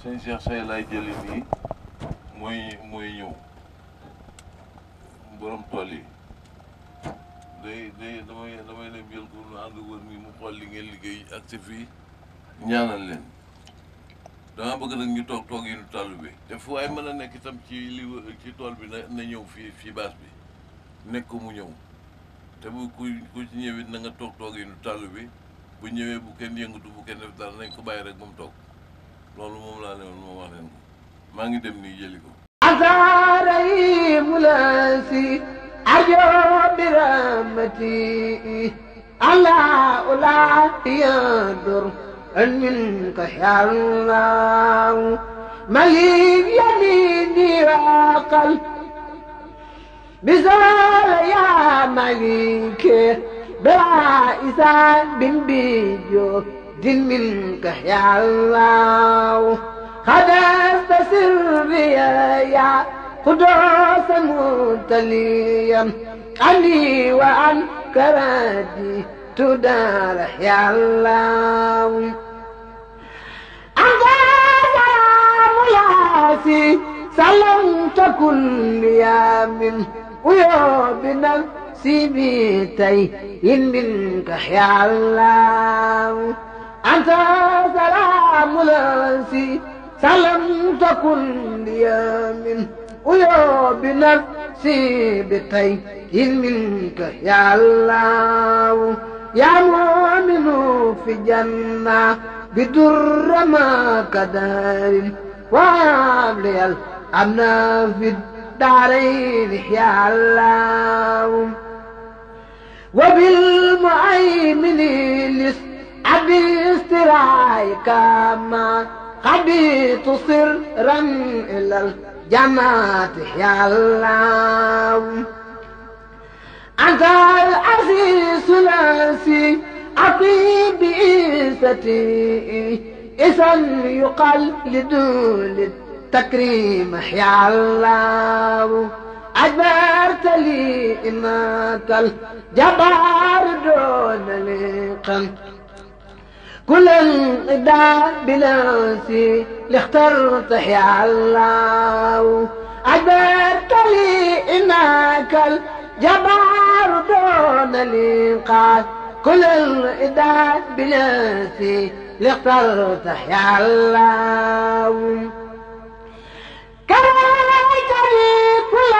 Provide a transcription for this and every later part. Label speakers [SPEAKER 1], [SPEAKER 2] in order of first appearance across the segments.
[SPEAKER 1] sëñ Cheikh Say laay jëli nii mooy mooy ñëw borom tool yi day day damay damay leen jël ko nu ànd wër mi mu xool li ngeen liggéey ak si fii ñaanal leen dama bëgg nag ñu toog toog yi nu tàll bi te fu waaye mën a nekk itam ci li ci tool bi na na ñëw fii fii baas bi nekk ko mu ñëw te bu ku ku ci ñëwit na nga toog toog yi nu tàll bi bu ñëwee bu kenn yëngatu bu kenn def dara nañ ko bàyyi rek moom toog loolu moom laa newoon moom wax leen ko maa ngi dem nii jëli ko
[SPEAKER 2] asaara yi mulaasi ajo bi rahmati allah ulaa yadur an min ka yàlla malik yamini waaqal bisaala yaa malike bilaa isaan bin bijo دل منك يا الله خدست سري يا قدوس متليا عني وعن كرادي تدار يا الله نفسي سلمت كل يوم ويا بنفسي بيتي إن منك يا الله أنت سلام لانسي سلام تكن لي من ويا بنفسي بطيب منك يا الله يا مؤمن في جنة بدر ما كدار وعبلي الأمن في الدارين يا الله وبالمؤمن لست أبسترايك ما خبيت سرا إلى الجماعة يا الله أنت العزيز الأسي أطيب بإيستي إذا يقال لدول التكريم يا الله أجبرت لي إماك الجبار دون لقم كل انقضاء بنفسي لاخترت يا الله عجبت لي انك الجبار دون الانقاذ كل الإداد بنفسي لاخترت يا الله كرهتني كل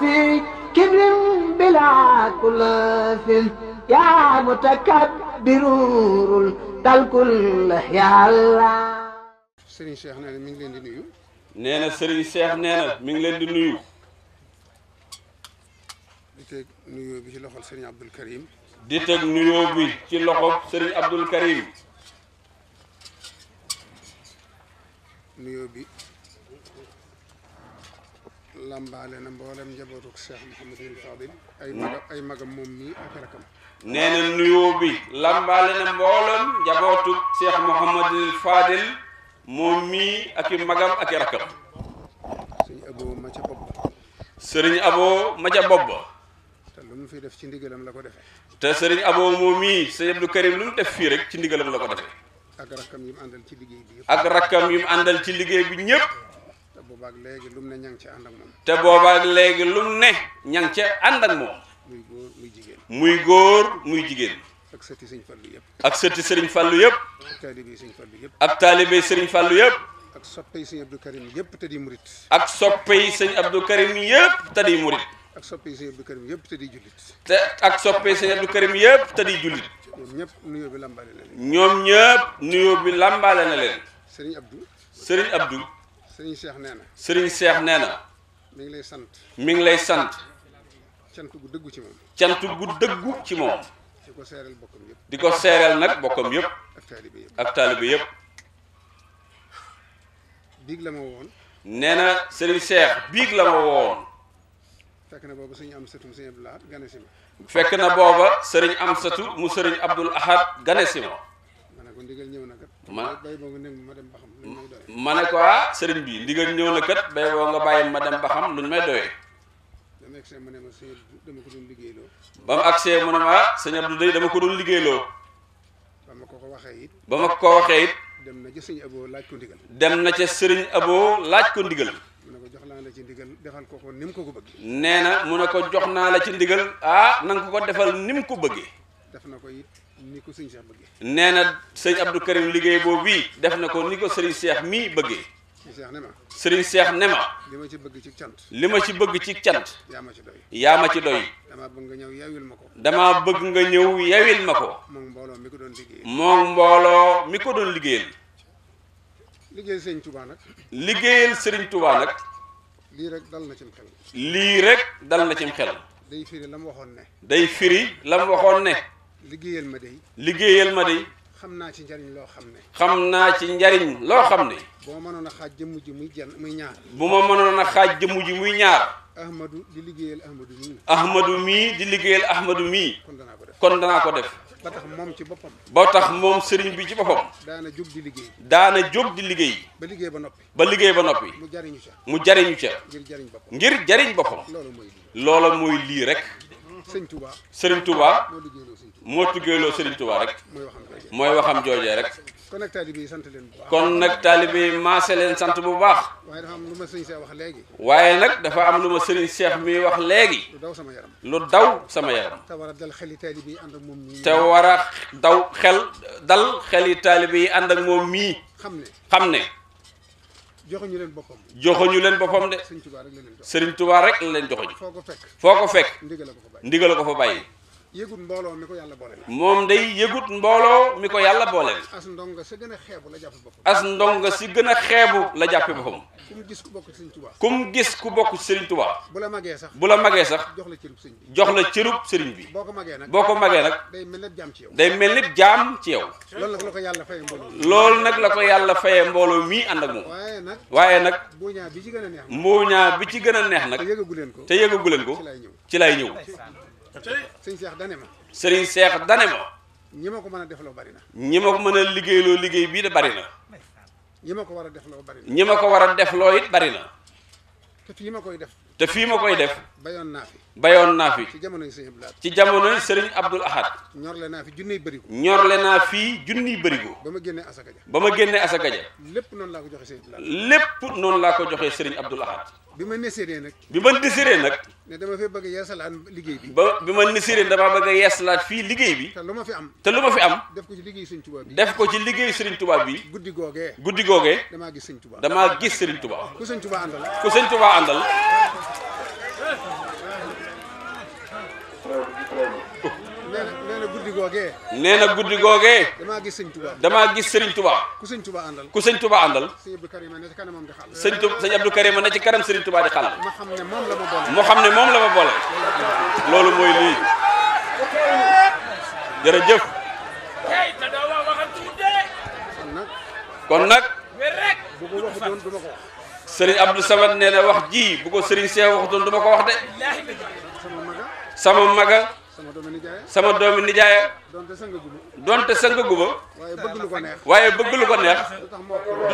[SPEAKER 2] في كبر بلا كل يا متكبر talkul yàlla.
[SPEAKER 3] Serigne Cheikh nee mi ngi leen di nuyu.
[SPEAKER 1] nee na nee mi ngi leen di nuyu. di bi ci loxol Serigne Abdul Karim. di teg nuyoo bi ci loxol Serigne Abdul Karim.
[SPEAKER 3] nuyoo bi. lambaale na mboolem njabootu Cheikh Mouhamadul Fadil. ay hmm. magam ay magam moom mii ak rakam.
[SPEAKER 1] nee na nuyoo bi. lambaale na mboolem njabootu Cheikh Mouhamadul Fadil moom mii ak i magam ak i rakam.
[SPEAKER 3] sëriñ Abo ma ca bopp
[SPEAKER 1] sëriñ Abo ma ca bopp ba.
[SPEAKER 3] te lu mu fi def ci ndigalam la ko defe
[SPEAKER 1] te sëriñ aboo moom mii sëriñ Abdou Karim lu mu def fii rek ci ndigalam la ko defee.
[SPEAKER 3] ak rakkam yi mu àndal ci liggéey bi
[SPEAKER 1] yëpp. ci liggéey bi
[SPEAKER 3] boobaak léegi lu mu ne ña ngi ca ànd ak moom.
[SPEAKER 1] te boobaak léegi lu mu ne ña ngi ca ànd ak moom.
[SPEAKER 3] muy góor muy
[SPEAKER 1] jigéen. muy góor muy jigéen.
[SPEAKER 3] ak sëti sëriñ Fallu yëpp.
[SPEAKER 1] ak sëti sëriñ Fallu yëpp.
[SPEAKER 3] ak taalibe sëriñ Fallu yëpp. ak taalibe sëriñ Fallu yëpp. ak soppe yi sëñ Abdou Karim yëpp te di murit. ak soppe yi sëñ Abdou Karim yëpp te di murit. ak soppe yi sëñ Abdou Karim yëpp te di jullit.
[SPEAKER 1] te ak soppe yi sëñ Abdou Karim yëpp te di jullit.
[SPEAKER 3] ñoom ñëpp nuyoo bi lambaale na
[SPEAKER 1] leen. ñoom ñëpp nuyoo bi lambaale na
[SPEAKER 3] leen. sëriñ Abdou. sëriñ Abdou. sëriñ Cheikh nee na.
[SPEAKER 1] sëriñ Cheikh nee na. mi ngi lay sant. mi ngi lay sant.
[SPEAKER 3] cant gu dëggu ci moom.
[SPEAKER 1] cant gu dëggu ci moom.
[SPEAKER 3] di ko seereel bokkam yëpp. di
[SPEAKER 1] ko seereel nag bokkam yëpp. ak taalibe yëpp ak taalibe yëpp. biig la ma woon. nee na sëriñ Cheikh biig la ma woon.
[SPEAKER 3] fekk na booba sëriñ Amsatu mu sëriñ Abdul
[SPEAKER 1] Ahad gane na booba sëriñ Amsatu mu sëriñ Abdul Ahad gane ma ma ne ko ah sëriñ bi ndigal ñëw na kat bay boo nga bàyyi ma dem ba xam luñ may doyee ba mu agsee mu ne ma ah sëñ Abdou day dama ko doon liggéeyloo
[SPEAKER 3] ba ma ko ko waxee ba ma ko ko waxee it dem na ca sëriñ Abo laaj ko ndigal
[SPEAKER 1] dem na ca sëriñ Abo laaj ko ndigal ko
[SPEAKER 3] jox naa la ci defal ko ko ni ko ko
[SPEAKER 1] bëggee nee na mu ne ko jox naa la ci ndigal ah na ko ko defal ni mu ko bëggee
[SPEAKER 3] def na ko it ni ko sëñ Cheikh
[SPEAKER 1] nee na sëñ Abdou Karim liggéey boobu bii def na ko ni ko sëriñ Cheikh mii bëggee. sëriñ Cheikh ne ma. sëriñ Cheikh ne ma.
[SPEAKER 3] li ma ci bëgg ci cant. li
[SPEAKER 1] ma ci bëgg ci cant. yaa ma ci doy. yaa ma ci doy.
[SPEAKER 3] damaa bëgg nga ñëw yawil ma ko.
[SPEAKER 1] damaa bëgg nga ñëw yawil ma ko.
[SPEAKER 3] moom mbooloo mi ko doon liggéeyal.
[SPEAKER 1] moom mbooloo mi ko doon liggéeyal.
[SPEAKER 3] liggéeyal sëriñ Touba nag.
[SPEAKER 1] liggéeyal sëriñ Touba nag.
[SPEAKER 3] lii rek dal na cim xel.
[SPEAKER 1] lii rek dal na cim xel.
[SPEAKER 3] day firi la mu waxoon ne.
[SPEAKER 1] day firi la mu waxoon ne. liggéeyal ma dey liggéeyal ma dey
[SPEAKER 3] xam naa ci njariñ loo xam ne
[SPEAKER 1] xam naa ci njariñ loo xam ne
[SPEAKER 3] bu ma mënoon a xaaj jëmm ji muy jan muy ñaar bu
[SPEAKER 1] ma mënoon a xaaj jëmm ji muy ñaar
[SPEAKER 3] ahmadu di liggéeyal ahmadu mii ahmadu mii
[SPEAKER 1] di liggéeyal ahmadu mii kon danaa ko def kon danaa ko def
[SPEAKER 3] ba tax moom ci boppam
[SPEAKER 1] ba tax moom sëriñ bi ci boppam
[SPEAKER 3] daana jóg di liggéey
[SPEAKER 1] daana jóg di liggéey ba liggéey ba noppi ba liggéey ba noppi mu jariñu ca mu jariñu ca
[SPEAKER 3] ngir jariñ boppam
[SPEAKER 1] ngir jariñ boppam loola mooy lii rek sëriñ Touba
[SPEAKER 3] sëriñ Touba moo
[SPEAKER 1] tuggeeloo sëriñ Touba rek mooy waxam joojee rek
[SPEAKER 3] kon nag taalibe yi sant leen bu baax kon nag taalibe
[SPEAKER 1] yi maase leen sant bu baax
[SPEAKER 3] waaye dafa ma sëriñ Cheikh wax léegi
[SPEAKER 1] waaye nag dafa am lu ma sëriñ Cheikh mi wax léegi lu daw sama yaram lu daw sama yaram
[SPEAKER 3] te war a dal xel yi taalibe yi ànd ak moom mii te
[SPEAKER 1] war a daw xel dal xel yi taalibe yi ànd ak moom mii xam ne xam ne
[SPEAKER 3] joxuñu leen boppam joxuñu leen boppam de
[SPEAKER 1] sëriñ tubaa rek la leen joxuñu foo ko fekk foo ko fekk ndigal ko fa bàyyi
[SPEAKER 3] yëgut mbooloo mi ko yàlla boole
[SPEAKER 1] moom day yëgut mbooloo mi ko yàlla boole
[SPEAKER 3] as ndonga si gën a xeebu la jàppe boppam
[SPEAKER 1] as ndonga si gën a xeebu la jàppe boppam
[SPEAKER 3] kum gis ku bokk Serigne Touba.
[SPEAKER 1] kum gis ku bokk Serigne Touba. bu la magee sax bu la magee sax jox la cërub Serigne bi jox la cërub Serigne bi.
[SPEAKER 3] boo ko magee nag boo ko magee nag. day mel ne jaam ci yow
[SPEAKER 1] day mel ni jaam ci yow.
[SPEAKER 3] loolu nag la ko yàlla fayee mbooloo.
[SPEAKER 1] loolu nag la ko yàlla fayee mbooloo mii ànd ak moom.
[SPEAKER 3] waaye nag waaye nag. mbuuñaa bi ci gën a neex.
[SPEAKER 1] mbuuñaa bi ci gën a neex nag. te yëgagu leen ko te yëgagu leen ko ci lay ñëw.
[SPEAKER 3] Serigne Cheikh dane ma.
[SPEAKER 1] Serigne Cheikh dane ma.
[SPEAKER 3] ñi ma ko mën a defloo bari na.
[SPEAKER 1] ñi ma ko mën a liggéeyloo liggéey bii de bari na
[SPEAKER 3] ñi ma ko war a def loo bari
[SPEAKER 1] na ñi ko war a def loo bari na.
[SPEAKER 3] te fii ma koy def.
[SPEAKER 1] te fii ma koy def. bayoon naa fi. bayoon naa fi. ci
[SPEAKER 3] jamonoy sëriñ Abdul Ahad.
[SPEAKER 1] ci jamonoy sëriñ Abdul Ahad.
[SPEAKER 3] ñorle naa fi junniy bërigo. ñorle naa
[SPEAKER 1] fii junniy bërigo.
[SPEAKER 3] ba ma génnee asaka ja.
[SPEAKER 1] ba ma génnee asaka
[SPEAKER 3] lépp noonu laa ko joxe sëriñ
[SPEAKER 1] Abdul Ahad. noonu laa ko joxee sëriñ Abdul Ahad.
[SPEAKER 3] bi ma nisiree nag.
[SPEAKER 1] bi ma nisiree nag.
[SPEAKER 3] ne dama fee bëgg a yeesalaat
[SPEAKER 1] liggéey bi. ba bi ma nisiree damaa bëgg a yeesalaat fii liggéey bi. te lu ma fi am. te lu ma fi am.
[SPEAKER 3] def ko ci liggéey Sëriñ Tuubaa bi. def
[SPEAKER 1] ko ci liggéey Sëriñ Tuubaa bi. guddi googee. guddi googee.
[SPEAKER 3] damaa gis Sëriñ Tuubaa.
[SPEAKER 1] damaa gis Sëriñ Tuubaa.
[SPEAKER 3] ku Sëriñ Tuubaa àndal.
[SPEAKER 1] ku Sëriñ Tuubaa àndal.
[SPEAKER 3] nee na guddi googee.
[SPEAKER 1] nee na guddi googee.
[SPEAKER 3] damaa gis sëñ Touba.
[SPEAKER 1] damaa gis sëriñ Touba.
[SPEAKER 3] ku sëñ Touba àndal.
[SPEAKER 1] ku sëñ Touba àndal.
[SPEAKER 3] sëñ Abdou Karim ne ci kanamam di
[SPEAKER 1] xàll. sëñ Touba sëñ Abdou Karim ne ci kanam sëriñ Touba di xàll. moo
[SPEAKER 3] xam ne moom la ma boole.
[SPEAKER 1] moo xam ne moom la ma boole. loolu mooy lii jërëjëf. kon nag. bu ko waxu doon du ma ko wax. sëriñ Abdou Samad nee na wax ji bu ko sëriñ Seex waxu doon du ma ko wax de. sama maga. sama doomi nijaay sama doomi nijaay
[SPEAKER 3] donte sënga guba
[SPEAKER 1] donte sënga guba
[SPEAKER 3] waaye bëgg lu ko neex
[SPEAKER 1] waaye bëgg lu ko neex
[SPEAKER 3] du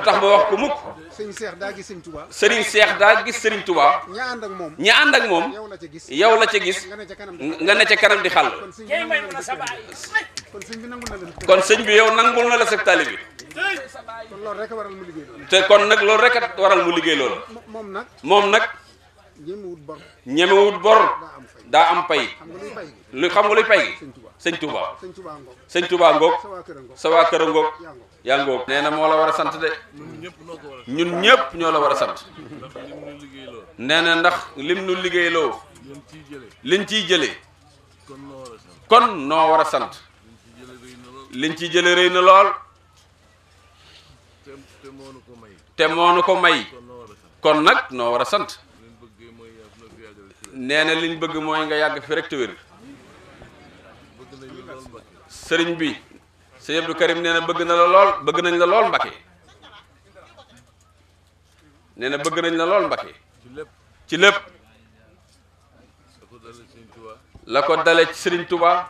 [SPEAKER 3] tax ma wax ko mukk sëriñ seex daa gis sëriñ tuba
[SPEAKER 1] sëriñ seex daa gis sëriñ tuba ña ànd ak moom ña ànd ak moom yow la ca gis yow la ca gis nga ne ca kanam di xàll kon sëñ bi yow nangul na la sa bi
[SPEAKER 3] kon loolu rek waral mu liggéey loolu.
[SPEAKER 1] te kon nag loolu rek waral mu liggéey loolu. moom nag moom nag. ñemewut bor. ñemewut bor. daa am pay lu xam nga luy pay gi sëñ Touba sëñ Touba ngoog sa waa kër a ngoog yaa ngoog nee na moo la war a sant de ñun ñëpp ñoo la war a sant nee na ndax lim nu liggéeyloo liñ ciy jële kon noo war a sant liñ ciy jëlee rëy na lool te moonu ko may kon nag noo war a sant nee na liñ bëgg mooy nga yàgg fi rek te wér sëriñ bi sëñ Abdou Karim nee bëgg na la lool bëgg nañ la lool Mbakke nee na bëgg nañ la lool Mbakke ci lépp la ko dale ci sëriñ Touba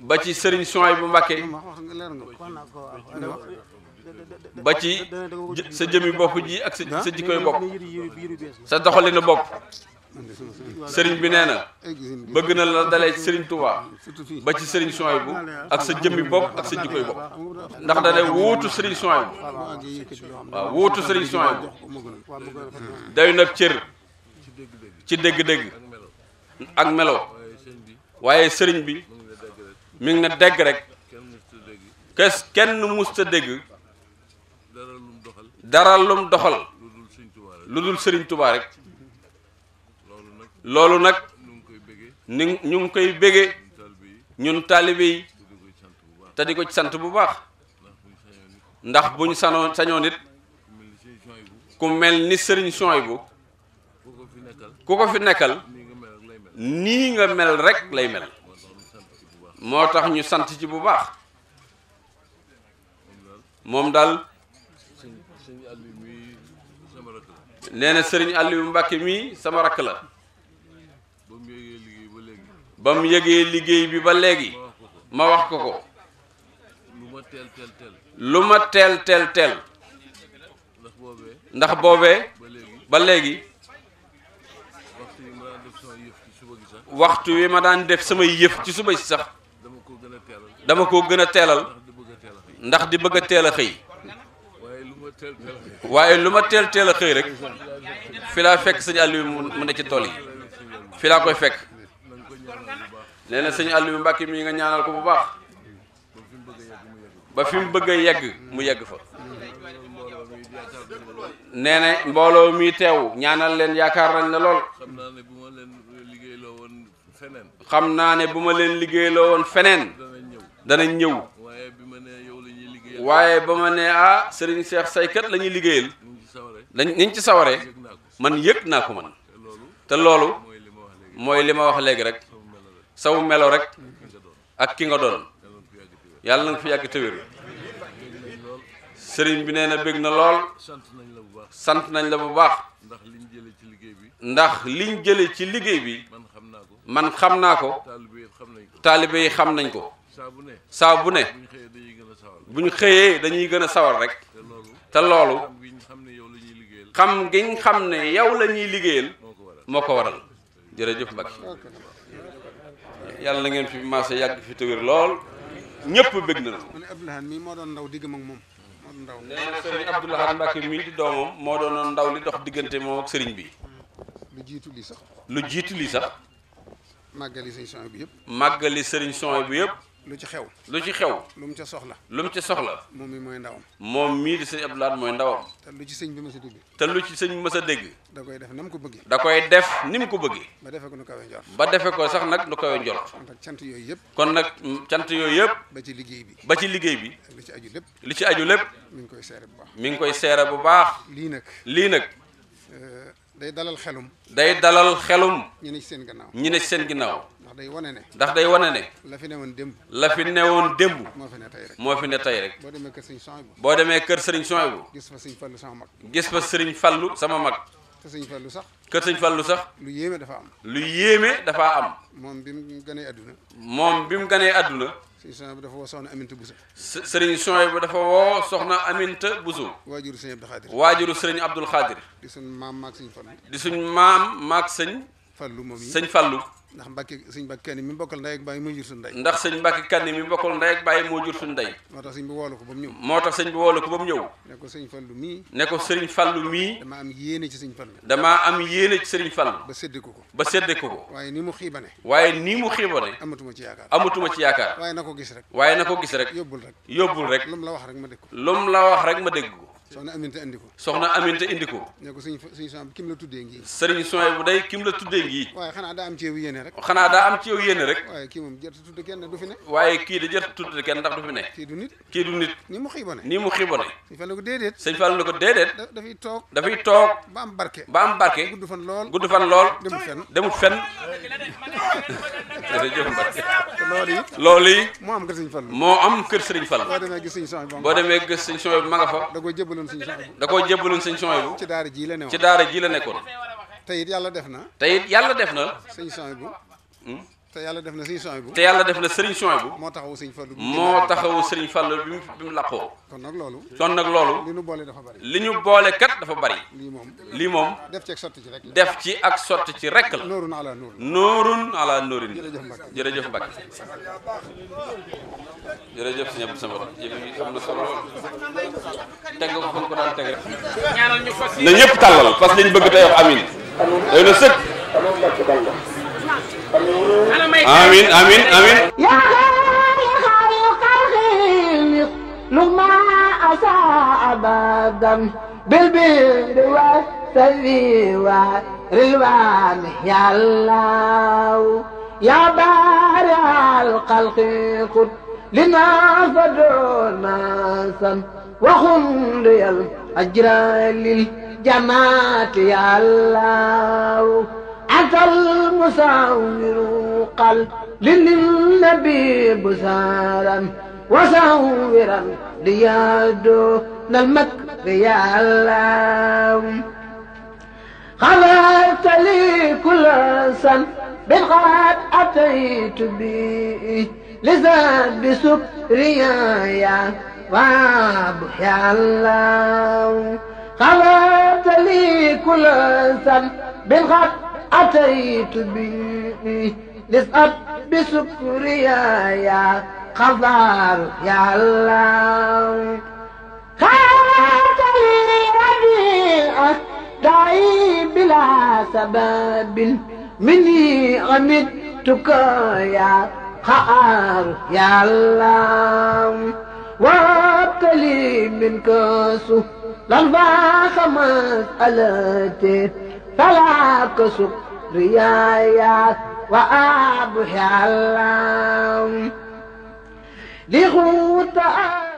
[SPEAKER 1] ba ci sëriñ Soy bu Mbakke ba ci sa jëmi bopp ji ak sa sa jikkoy bopp sa doxalinu bopp
[SPEAKER 3] sëriñ bi nee na bëgg na la
[SPEAKER 1] dalee ci sëriñ Touba ba ci sëriñ Souhaïbou ak sa jëmmi bopp ak sa jikkoy bopp ndax da lay wóotu sëriñ Souhaïbou waaw wóotu sëriñ Souhaïbou day nag cër ci dégg-dégg ak melo waaye sëriñ bi mi ngi na dégg rek kes kenn musta dégg dara lum doxal lu dul sëriñ Touba rek. loolu nag ni ñu ngi koy bége ñun taalibe yi te ko ci sant bu baax ndax bu ñu sanoon sañoo it ku mel ni sëriñ Souhaïbou ku ko fi nekkal nii nga mel rek lay mel moo tax ñu sant ci bu baax moom daal nee na sëriñ Aliou Mbacke mii sama rakk la ba mu yëgee liggéey bi ba léegi ma wax ko ko lu ma teel teel teel ndax boobee ba léegi waxtu wi ma daan def samay yëf ci suba si sax dama ko gën a teelal ndax di bëgg a teel a xëy
[SPEAKER 3] waaye lu ma teel teel a xëy rek
[SPEAKER 1] fi laa fekk sëñ Aliou mu ne ci tool yi fi laa koy fekk nee na sëñ Aliou Mbacke mii nga ñaanal ko bu baax ba fi mu bëgg a yegg mu yegg fa nee na mbooloo mi teew ñaanal leen yaakaar nañ la lool xam naa ne bu ma leen liggéeyloo woon feneen danañ ñëw waaye ba ma nee ah sëriñ Cheikh saykat la ñuy liggéeyal dañ niñ ci sawaree man yëg naa ko man te loolu mooy li ma wax léegi rek saw melo rek ak ki nga doon yàlla na fi yàgg te sëriñ bi nee na bég na lool sant nañ la bu baax sant nañ la bu baax ndax liñ jëlee ci liggéey bi ndax liñ jëlee ci liggéey bi man xam naa ko man xam naa ko taalibe yi xam nañ ko saa bu ne saa bu ne bu ñu xëyee dañuy gën a sawar rek te loolu xam ngiñ xam ne yow la ñuy liggéeyal moo ko waral jërëjëf Mbacke yàlla na ngeen fi maase yàgg fi tawir lool ñëpp bëgg na mu
[SPEAKER 3] ne mii moo doon ndaw diggam moom moo doon ndaw nee na sëriñ Abdoulahan Mbacke
[SPEAKER 1] moo doon ndaw li dox diggante moom ak sëriñ bi
[SPEAKER 3] lu jiitu lii sax lu jiitu lii sax màggali sëriñ son bi yëpp
[SPEAKER 1] màggali sëriñ son bi yëpp
[SPEAKER 3] lu ci xew lu ci xew lu mu ca soxla lu mu ca soxla moom mi mooy ndawam
[SPEAKER 1] moom mii di sëñ Abdou mooy ndawam
[SPEAKER 3] te lu ci sëñ bi mës a dégg te lu
[SPEAKER 1] ci sëñ bi mës a dégg
[SPEAKER 3] da koy def ni mu ko bëggee da koy
[SPEAKER 1] def ni mu ko bëggee
[SPEAKER 3] ba defe ko nu kawe njort ba defe ko sax nag nu kawe njort kon nag cant yooyu yëpp
[SPEAKER 1] kon nag cant yooyu yëpp ba ci liggéey bi ba ci liggéey bi
[SPEAKER 3] li ci aju lépp li ci aju lépp mi ngi koy seere bu baax mi ngi
[SPEAKER 1] koy seere bu baax lii nag lii nag
[SPEAKER 3] euh, day dalal xelum
[SPEAKER 1] day dalal xelum
[SPEAKER 3] ñi ne ci seen ginnaaw
[SPEAKER 1] ñi ne ci seen ginnaaw day wane ne. ndax day wane ne.
[SPEAKER 3] la fi newoon démb. la fi newoon démb. moo fi ne tey rek moo fi ne tey rek. boo demee kër Serigne Souhaïbou. boo demee kër Serigne Souhaïbou. gis fa Serigne Fallou sama mag.
[SPEAKER 1] gis fa Serigne Fallou sama mag.
[SPEAKER 3] kër Serigne Fallou sax.
[SPEAKER 1] kër Serigne Fallou sax.
[SPEAKER 3] lu yéeme dafa am.
[SPEAKER 1] lu yéeme dafa am.
[SPEAKER 3] moom bi mu gënee àdduna.
[SPEAKER 1] moom bi mu gënee àdduna. Serigne
[SPEAKER 3] Souhaïbou dafa woo soxna Aminta
[SPEAKER 1] Bousso. Serigne Souhaïbou dafa woo soxna Aminta Bousso. waajuru Serigne Abdoul Khadir. waajuru Serigne Abdoul Khadir. di suñ maam maag Serigne Fallou. di suñ maam maag Serigne. fallu moom yi sëñ lu
[SPEAKER 3] ndax mbàkke sëñ mbàkke kanni mi mbokkal ndey ak bàyyi moo jur suñu ndey
[SPEAKER 1] ndax sëñ mbàkke kanni mi mbokkal ndey ak bàyyi moo jur suñu ndey moo tax sëñ ko ba mu ñëw moo tax sëñ bi woolu ko ba mu
[SPEAKER 3] ñëw ne ko sëñ fallu mii
[SPEAKER 1] ne ko sëriñ fallu mii damaa am yéene ci sëñ fallu damaa am yéene ci sëriñ fallu ba sédde ko ba sédde ko ko
[SPEAKER 3] waaye ni mu ne
[SPEAKER 1] waaye nii mu xiibane
[SPEAKER 3] amatuma ci yaakaar
[SPEAKER 1] amatuma ci yaakaar waaye na ko gis rek waaye na ko gis rek yóbbul rek yóbbul rek lu
[SPEAKER 3] mu la wax rek ma dégg
[SPEAKER 1] ko lu mu la wax rek ma dégg ko soxna Aminta indi ko. soxna Aminta indi ko.
[SPEAKER 3] ne ko suñu suñu son kim la tuddee ngii. sëriñ
[SPEAKER 1] son bu day kim la tuddee ngii. waaye xanaa daa am ci yow yéene rek. xanaa daa am ci yow yéene rek. waaye kii da jërëjëf tudd kenn ndax du fi ne. kii du nit kii du nit. ni mu xibone ni mu xibone. sëñ Fallu ko déedéet. sëñ Fallu la ko déedéet. dafay toog dafay toog. ba am barke ba am barke. gudd fan lool gudd fan lool. demut fenn demut fenn.
[SPEAKER 3] moo am kër sëriñ Fallu. moo am kër sëriñ Fallu. boo demee jébbaloon sëñ Souhaïbou da koo jébbaloon sëñ Souhaïbou ci daara jii la nekkoon ci
[SPEAKER 1] daara ji la nekkoon.
[SPEAKER 3] te yàlla def na.
[SPEAKER 1] te yàlla def na. sëñ Souhaïbou. Hmm?
[SPEAKER 3] te yàlla def na sëriñ bu te yàlla def na sëriñ Souhaïbou moo taxawu sëriñ Fallou moo taxawu
[SPEAKER 1] sëriñ Fallou bi mu bi mu làqoo
[SPEAKER 3] kon nag loolu ton nag loolu li ñu boole dafa
[SPEAKER 1] bari li ñu boole kat dafa bari lii moom lii moom
[SPEAKER 3] def ci ak sotti ci rek def
[SPEAKER 1] ci ak sotti ci rek la
[SPEAKER 3] noorun ala noorin
[SPEAKER 1] noorun ala noorin jërëjëf Mbacke jërëjëf jëf yi am na solo teg nga ko fa ko daan teg rek ñaanal ñëpp tàllal parce que bëgg tey wax amin day na sëkk amiin amiin amiin
[SPEAKER 2] yaa xaari xaari xalxi lu ma asaa abadan بالبر والسر والرضوان يا الله يا بارع الخلق خذ لنا فدعونا سم وخذ الأجر للجماعة يا الله أتى المساور قل للنبي بسارا وساورا ليادو المكر يا الله غفرت لي كل سن بالغاد أتيت بي لزاد بسكريا يا رب يا الله غفرت لي كل سن بالغاد أتيت به نسأل بسكريا يا خضار يا الله خانت لي وديعة دعي بلا سبب مني عمدتك يا خار يا الله وابتلي منك سهلا فخمس ألاتي فلا سكريايا وأبحي اللام لغوت